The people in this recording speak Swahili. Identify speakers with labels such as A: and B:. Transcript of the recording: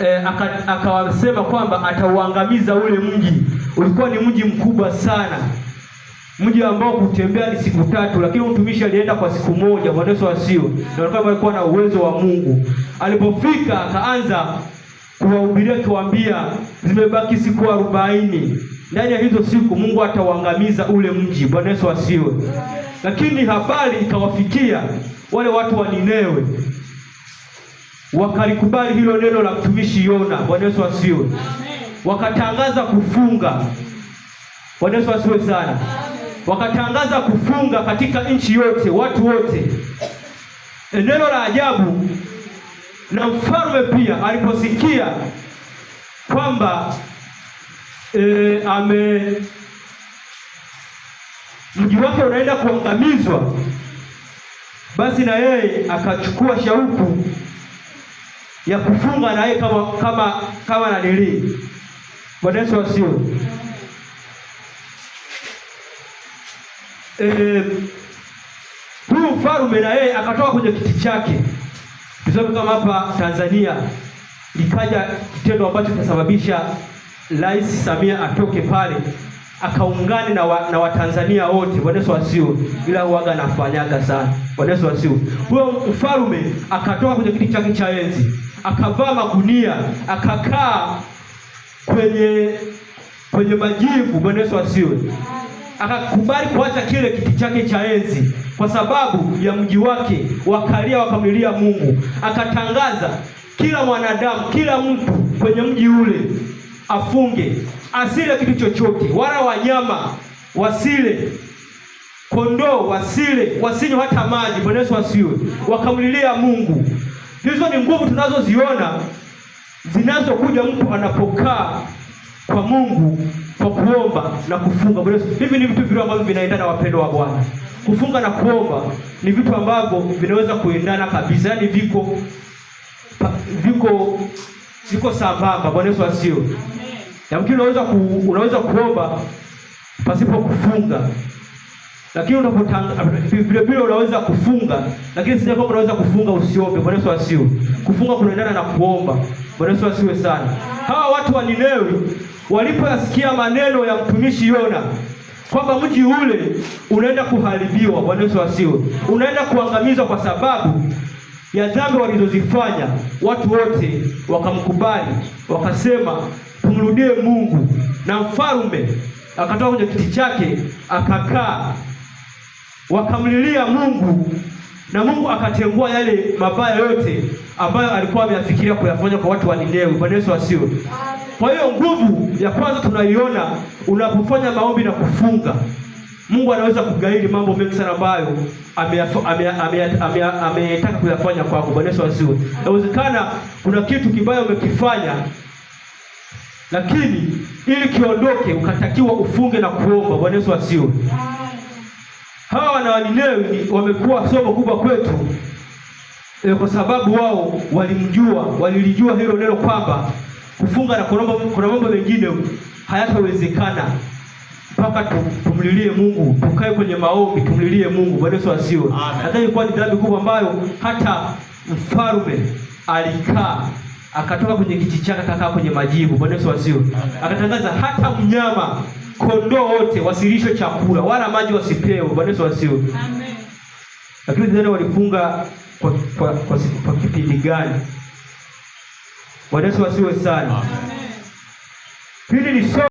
A: e, akawasema kwamba atauangamiza ule mji. Ulikuwa ni mji mkubwa sana, mji ambao kutembea ni siku tatu, lakini mtumishi alienda kwa siku moja, mateso wasio na alikuwa na uwezo wa Mungu. Alipofika akaanza kuwahubiria akiwaambia, zimebaki siku arobaini, ndani ya hizo siku Mungu atauangamiza ule mji. Bwana Yesu asiwe. Lakini habari ikawafikia wale watu wa Ninewe wakalikubali hilo neno la mtumishi Yona. Bwana Yesu asiwe, wakatangaza kufunga. Bwana Yesu asiwe sana, wakatangaza kufunga katika nchi yote, watu wote. Neno la ajabu. Na mfalme pia aliposikia kwamba e, ame mji wake unaenda kuangamizwa, basi na yeye akachukua shauku ya kufunga na yeye kama kama kama na nili. Bwana Yesu asifiwe. Eh, mfalme na yeye akatoka kwenye kiti chake. Tuseme kama hapa Tanzania likaja kitendo ambacho kinasababisha Rais Samia atoke pale akaungane na wa, na Watanzania wote. Bwana Yesu asifiwe. Ila huaga nafanyaga sana. Bwana Yesu asifiwe. Huyo mfalme akatoka kwenye kiti chake cha enzi akavaa magunia, akakaa kwenye kwenye majivu. Bwana Yesu asiwe, akakubali kuacha kile kiti chake cha enzi kwa sababu ya mji wake, wakalia wakamlilia Mungu. Akatangaza kila mwanadamu, kila mtu kwenye mji ule afunge, asile kitu chochote, wala wanyama wasile kondoo wasile, wasinywe hata maji. Bwana Yesu asiwe, wakamlilia Mungu. Hizo ni nguvu tunazoziona zinazokuja mtu anapokaa kwa Mungu kwa kuomba na kufunga. Hivi ni vitu vile ambavyo vinaendana, wapendo wa Bwana. Kufunga na kuomba ni vitu ambavyo vinaweza kuendana kabisa, yaani viko viko viko sambamba. Bwana Yesu asio, Yamkini unaweza ku, unaweza kuomba pasipo kufunga. Lakini vilevile unaweza kufunga, lakini sija kwamba unaweza kufunga usiombe. Bwana Yesu asiwe. Kufunga kunaendana na kuomba. Bwana Yesu asiwe sana. Hawa watu wa Ninewi walipoyasikia maneno ya mtumishi Yona kwamba mji ule unaenda kuharibiwa, Bwana Yesu asiwe, unaenda kuangamizwa kwa sababu ya dhambi walizozifanya, watu wote wakamkubali, wakasema tumrudie Mungu, na mfalme akatoka kwenye kiti chake akakaa wakamlilia Mungu na Mungu akatengua yale mabaya yote ambayo alikuwa ameyafikiria kuyafanya kwa watu wa Nineve. Bwana Yesu asiwe. Kwa hiyo nguvu ya kwanza tunaiona unapofanya maombi na kufunga, Mungu anaweza kugairi mambo mengi sana ambayo ametaka kuyafanya kwako. Bwana Yesu asiwe. Inawezekana kuna kitu kibaya umekifanya, lakini ili kiondoke ukatakiwa ufunge na kuomba. Bwana Yesu asiwe hawa wana Waninewi wamekuwa somo kubwa kwetu e, kwa sababu wao walimjua, walilijua hilo neno kwamba kufunga na kuomba, kuna mambo mengine hayatawezekana mpaka tumlilie Mungu, tukae kwenye maombi, tumlilie Mungu. Bwana Yesu asiwe. Nadhani ilikuwa ni dhambi kubwa ambayo hata mfalme alikaa akatoka kwenye kiti chake akakaa kwenye majivu. Bwana Yesu asiwe, akatangaza hata mnyama kondoo wote wasilishwe chakula wala maji wasipewe. Bwana Yesu asiwe. Amen. Lakini tena walifunga kwa, kwa, kwa, kwa kipindi gani? Bwana Yesu asiwe sana. Amen. Pili ni